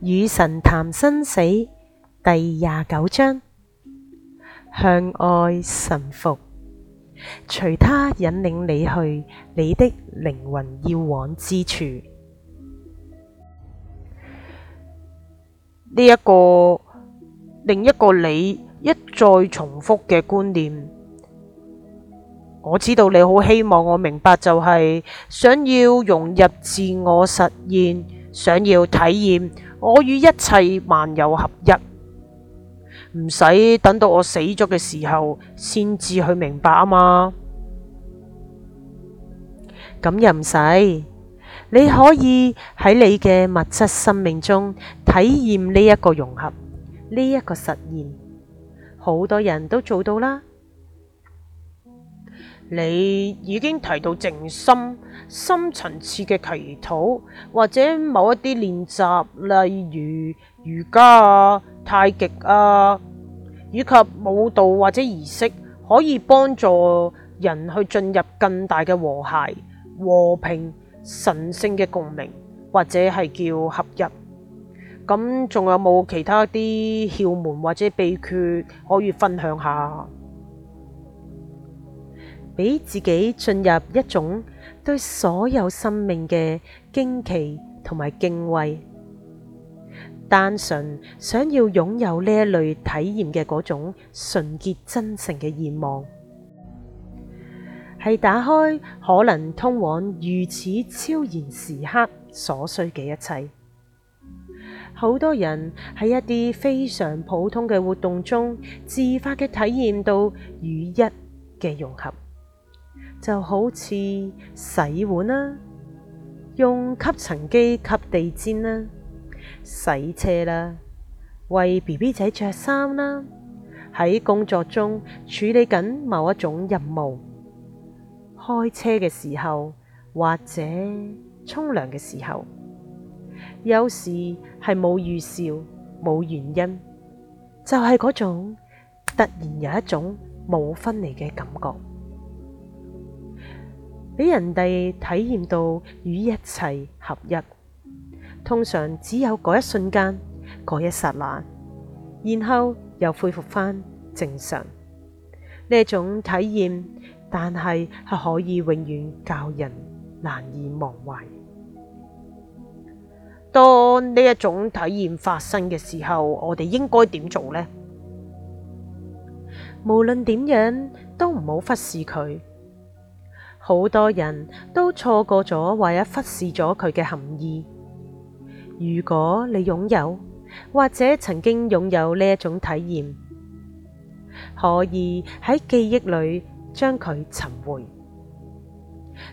與神談生死，第廿九章，向愛臣服，隨他引領你去你的靈魂要往之處。呢一個另一個你一再重複嘅觀念，我知道你好希望我明白，就係想要融入自我實現。想要體驗我與一切萬有合一，唔使等到我死咗嘅時候先至去明白啊嘛？咁又唔使，你可以喺你嘅物質生命中體驗呢一個融合，呢一個實現，好多人都做到啦。你已經提到靜心、深層次嘅祈禱，或者某一啲練習，例如瑜伽啊、太極啊，以及舞蹈或者儀式，可以幫助人去進入更大嘅和諧、和平、神聖嘅共鳴，或者係叫合一。咁仲有冇其他啲竅門或者秘訣可以分享下？俾自己進入一種對所有生命嘅驚奇同埋敬畏，單純想要擁有呢一類體驗嘅嗰種純潔真誠嘅願望，係打開可能通往如此超然時刻所需嘅一切。好多人喺一啲非常普通嘅活動中，自發嘅體驗到與一嘅融合。就好似洗碗啦，用吸塵機吸地氈啦，洗車啦，為 BB 仔着衫啦，喺工作中處理緊某一種任務，開車嘅時候或者沖涼嘅時候，有時係冇預兆冇原因，就係嗰種突然有一種冇分離嘅感覺。俾人哋體驗到與一切合一，通常只有嗰一瞬間、嗰一剎那，然後又恢復翻正常。呢一種體驗，但係係可以永遠教人難以忘懷。當呢一種體驗發生嘅時候，我哋應該點做呢？無論點樣都唔好忽視佢。好多人都錯過咗，或者忽視咗佢嘅含義。如果你擁有，或者曾經擁有呢一種體驗，可以喺記憶裏將佢尋回，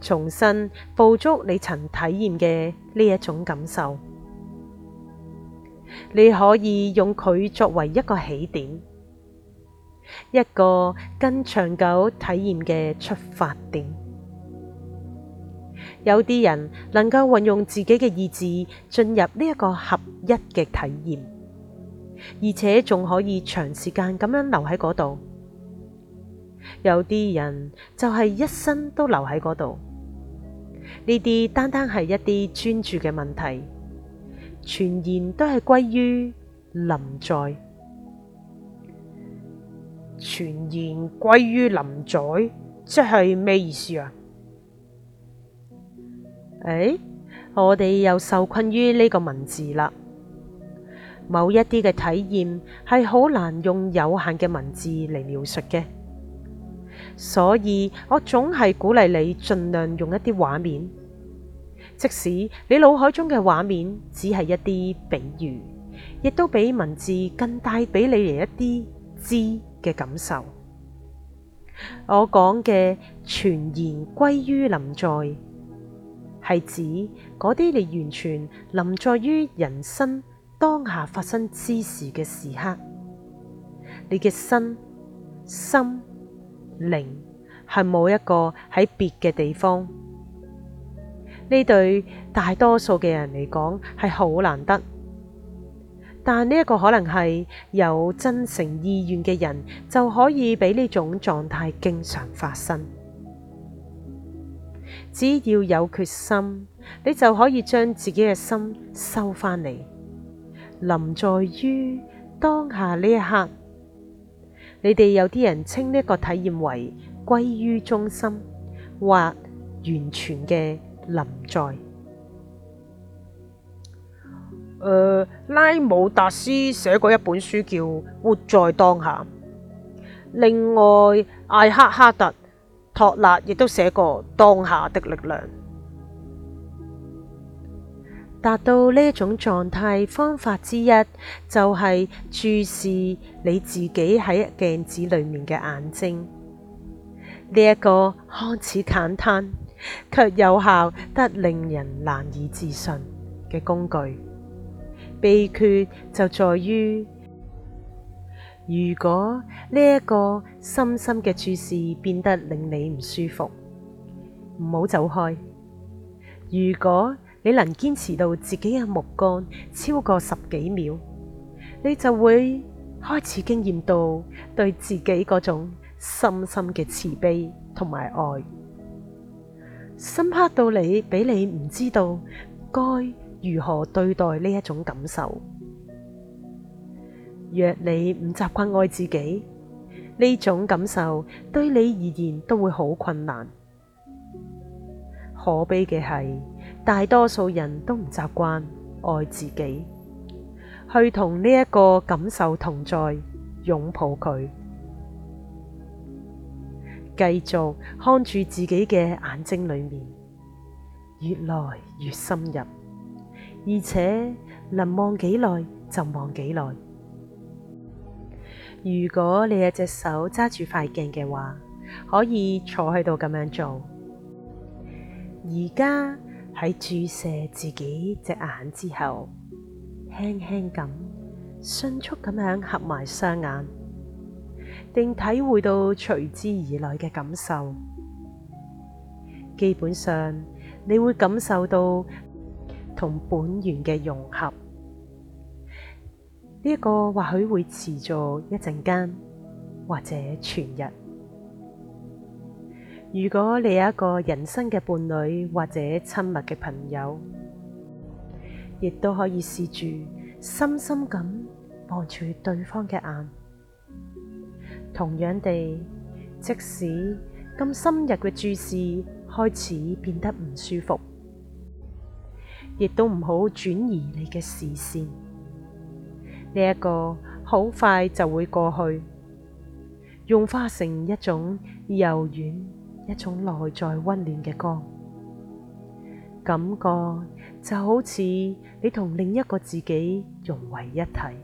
重新捕捉你曾體驗嘅呢一種感受。你可以用佢作為一個起點，一個更長久體驗嘅出發點。有啲人能夠運用自己嘅意志進入呢一個合一嘅體驗，而且仲可以長時間咁樣留喺嗰度。有啲人就係一生都留喺嗰度。呢啲單單係一啲專注嘅問題，全然都係歸於臨在。全然歸於臨在，即係咩意思啊？唉、哎，我哋又受困於呢個文字啦。某一啲嘅體驗係好難用有限嘅文字嚟描述嘅，所以我總係鼓勵你盡量用一啲畫面，即使你腦海中嘅畫面只係一啲比喻，亦都比文字更帶俾你嚟一啲知嘅感受。我講嘅全然歸於臨在。係指嗰啲你完全臨在於人生當下發生之事嘅時刻，你嘅身、心、靈係冇一個喺別嘅地方。呢對大多數嘅人嚟講係好難得，但呢一個可能係有真誠意願嘅人就可以俾呢種狀態經常發生。只要有決心，你就可以將自己嘅心收翻嚟，臨在於當下呢一刻。你哋有啲人稱呢一個體驗為歸於中心或完全嘅臨在。誒，拉姆達斯寫過一本書叫《活在當下》。另外，艾克哈特，托勒亦都寫過當下的力量，達到呢一種狀態方法之一，就係、是、注視你自己喺鏡子裏面嘅眼睛。呢、這、一個看似簡單卻有效得令人難以置信嘅工具，秘訣就在於。如果呢一個深深嘅注視變得令你唔舒服，唔好走開。如果你能堅持到自己嘅目光超過十幾秒，你就會開始經驗到對自己嗰種深深嘅慈悲同埋愛，深刻到你比你唔知道該如何對待呢一種感受。若你唔習慣愛自己，呢種感受對你而言都會好困難。可悲嘅係，大多數人都唔習慣愛自己，去同呢一個感受同在，擁抱佢，繼續看住自己嘅眼睛裏面，越來越深入，而且能望幾耐就望幾耐。如果你有一隻手揸住塊鏡嘅話，可以坐喺度咁樣做。而家喺注射自己隻眼之後，輕輕咁、迅速咁樣合埋雙眼，定體會到隨之而來嘅感受。基本上，你會感受到同本源嘅融合。呢個或許會持續一陣間，或者全日。如果你有一個人生嘅伴侶或者親密嘅朋友，亦都可以試住深深咁望住對方嘅眼。同樣地，即使咁深入嘅注視開始變得唔舒服，亦都唔好轉移你嘅視線。呢一個好快就會過去，融化成一種柔軟、一種內在溫暖嘅光，感覺就好似你同另一個自己融為一體。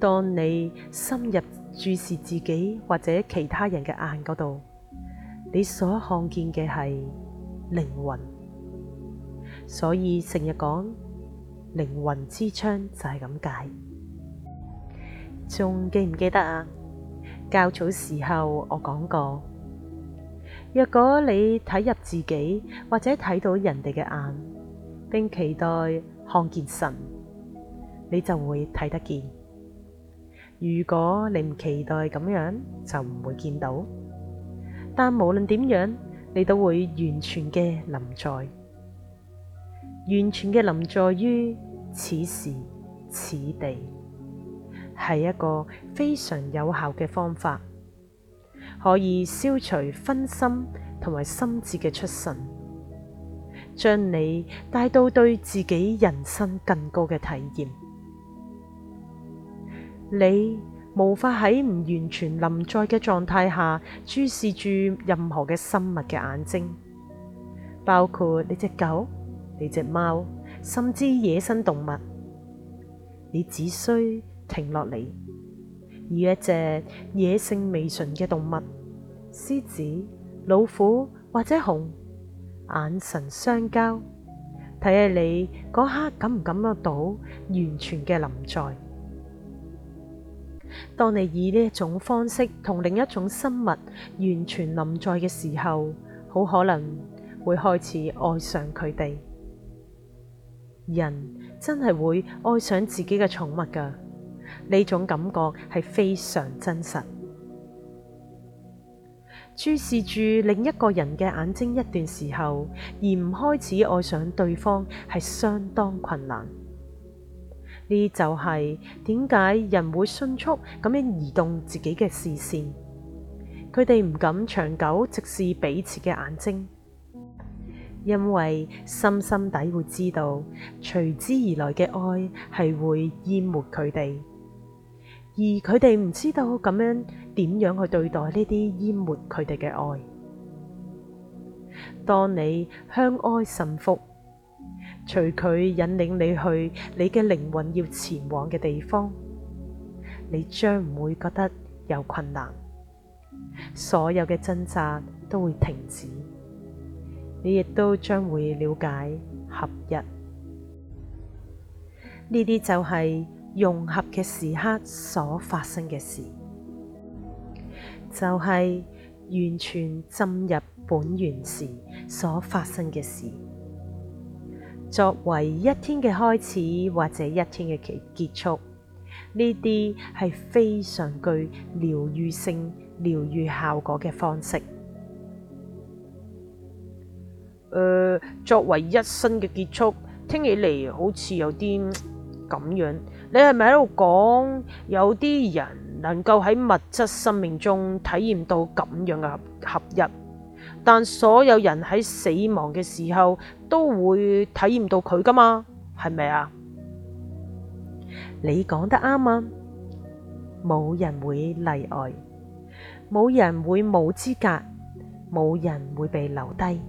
當你深入注視自己或者其他人嘅眼嗰度，你所看見嘅係靈魂，所以成日講。靈魂之窗就係咁解，仲記唔記得啊？較早時候我講過，若果你睇入自己或者睇到人哋嘅眼，並期待看見神，你就會睇得見。如果你唔期待咁樣，就唔會見到。但無論點樣，你都會完全嘅臨在。完全嘅臨在於此時此地，係一個非常有效嘅方法，可以消除分心同埋心智嘅出神，將你帶到對自己人生更高嘅體驗。你無法喺唔完全臨在嘅狀態下，注視住任何嘅生物嘅眼睛，包括你隻狗。你隻貓，甚至野生動物，你只需停落嚟與一隻野性未馴嘅動物（獅子、老虎或者熊）眼神相交，睇下你嗰刻感唔感覺到完全嘅臨在。當你以呢一種方式同另一種生物完全臨在嘅時候，好可能會開始愛上佢哋。人真係會愛上自己嘅寵物㗎，呢種感覺係非常真實。注視住另一個人嘅眼睛一段時候，而唔開始愛上對方係相當困難。呢就係點解人會迅速咁樣移動自己嘅視線？佢哋唔敢長久直視彼此嘅眼睛。因為深深地會知道，隨之而來嘅愛係會淹沒佢哋，而佢哋唔知道咁樣點樣去對待呢啲淹沒佢哋嘅愛。當你向愛臣服，隨佢引領你去你嘅靈魂要前往嘅地方，你將唔會覺得有困難，所有嘅掙扎都會停止。你亦都將會了解合一，呢啲就係融合嘅時刻所發生嘅事，就係、是、完全浸入本源時所發生嘅事。作為一天嘅開始或者一天嘅結束，呢啲係非常具療癒性、療癒效果嘅方式。誒，作為一生嘅結束，聽起嚟好似有啲咁樣。你係咪喺度講有啲人能夠喺物質生命中體驗到咁樣嘅合合一？但所有人喺死亡嘅時候都會體驗到佢㗎嘛？係咪啊？你講得啱啊！冇人會例外，冇人會冇資格，冇人會被留低。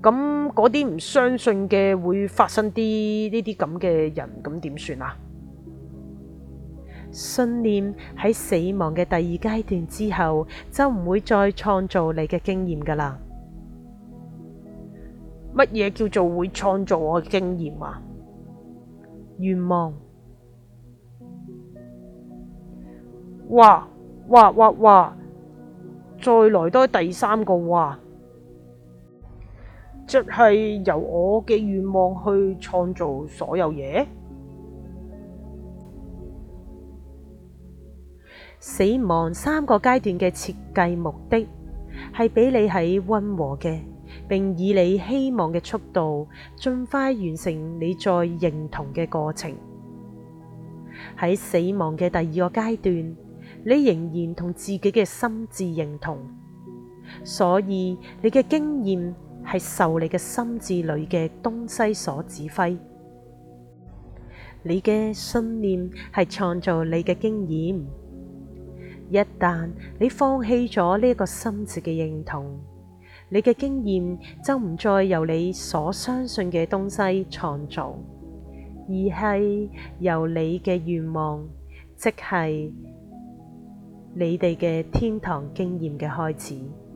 咁嗰啲唔相信嘅會發生啲呢啲咁嘅人，咁點算啊？信念喺死亡嘅第二階段之後，就唔會再創造你嘅經驗噶啦。乜嘢叫做會創造我嘅經驗啊？願望。哇哇哇哇！再來多第三個喎。哇即係由我嘅願望去創造所有嘢。死亡三個階段嘅設計目的係俾你喺溫和嘅，並以你希望嘅速度，盡快完成你再認同嘅過程。喺死亡嘅第二個階段，你仍然同自己嘅心智認同，所以你嘅經驗。係受你嘅心智裏嘅東西所指揮，你嘅信念係創造你嘅經驗。一旦你放棄咗呢個心智嘅認同，你嘅經驗就唔再由你所相信嘅東西創造，而係由你嘅願望，即係你哋嘅天堂經驗嘅開始。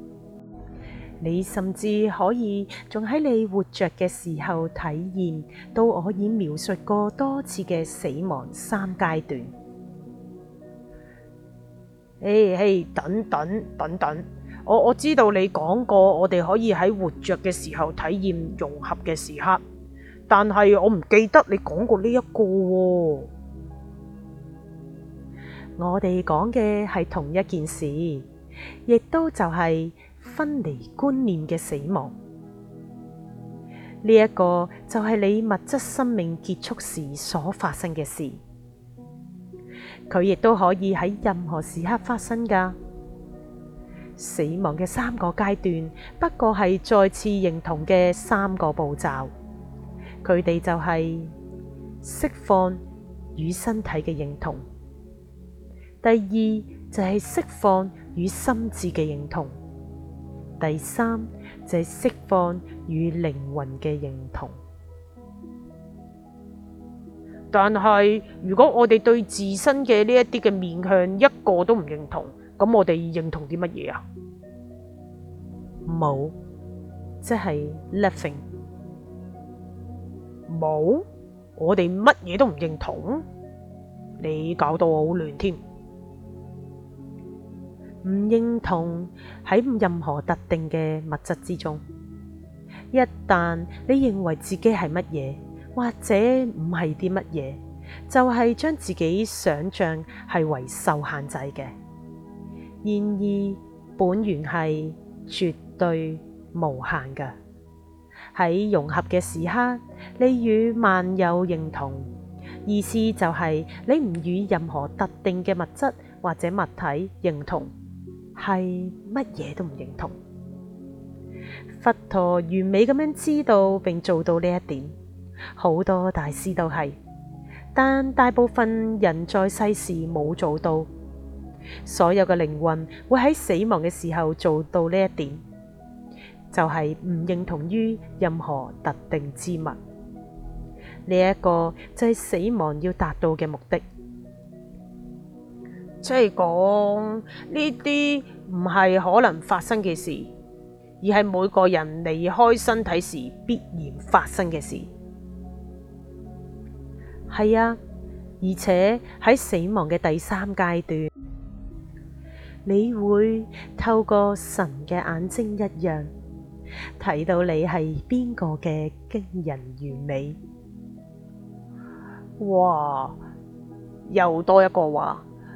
你甚至可以仲喺你活着嘅時候體驗到可以描述過多次嘅死亡三階段。唉，誒，等等等等，我我知道你講過，我哋可以喺活着嘅時候體驗融合嘅時刻，但係我唔記得你講過呢一個、哦。我哋講嘅係同一件事，亦都就係、是。分離觀念嘅死亡，呢一個就係你物質生命結束時所發生嘅事。佢亦都可以喺任何時刻發生㗎。死亡嘅三個階段，不過係再次認同嘅三個步驟。佢哋就係釋放與身體嘅認同，第二就係釋放與心智嘅認同。第三就係釋放與靈魂嘅認同，但係如果我哋對自身嘅呢一啲嘅面向一個都唔認同，咁我哋認同啲乜嘢啊？冇，即係 nothing。冇，我哋乜嘢都唔認同，你搞到我好亂添。唔認同喺任何特定嘅物質之中。一旦你認為自己係乜嘢，或者唔係啲乜嘢，就係將自己想象係為受限制嘅。然而，本源係絕對無限噶。喺融合嘅時刻，你與萬有認同，意思就係你唔與任何特定嘅物質或者物體認同。係乜嘢都唔認同，佛陀完美咁樣知道並做到呢一點，好多大師都係，但大部分人在世時冇做到，所有嘅靈魂會喺死亡嘅時候做到呢一點，就係唔認同於任何特定之物，呢一個就係死亡要達到嘅目的。即係講呢啲唔係可能發生嘅事，而係每個人離開身體時必然發生嘅事。係啊，而且喺死亡嘅第三階段，你會透過神嘅眼睛一樣睇到你係邊個嘅驚人完美。哇！又多一個話。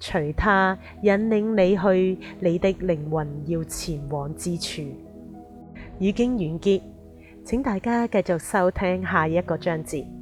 隨它引領你去你的靈魂要前往之處。已經完結，請大家繼續收聽下一個章節。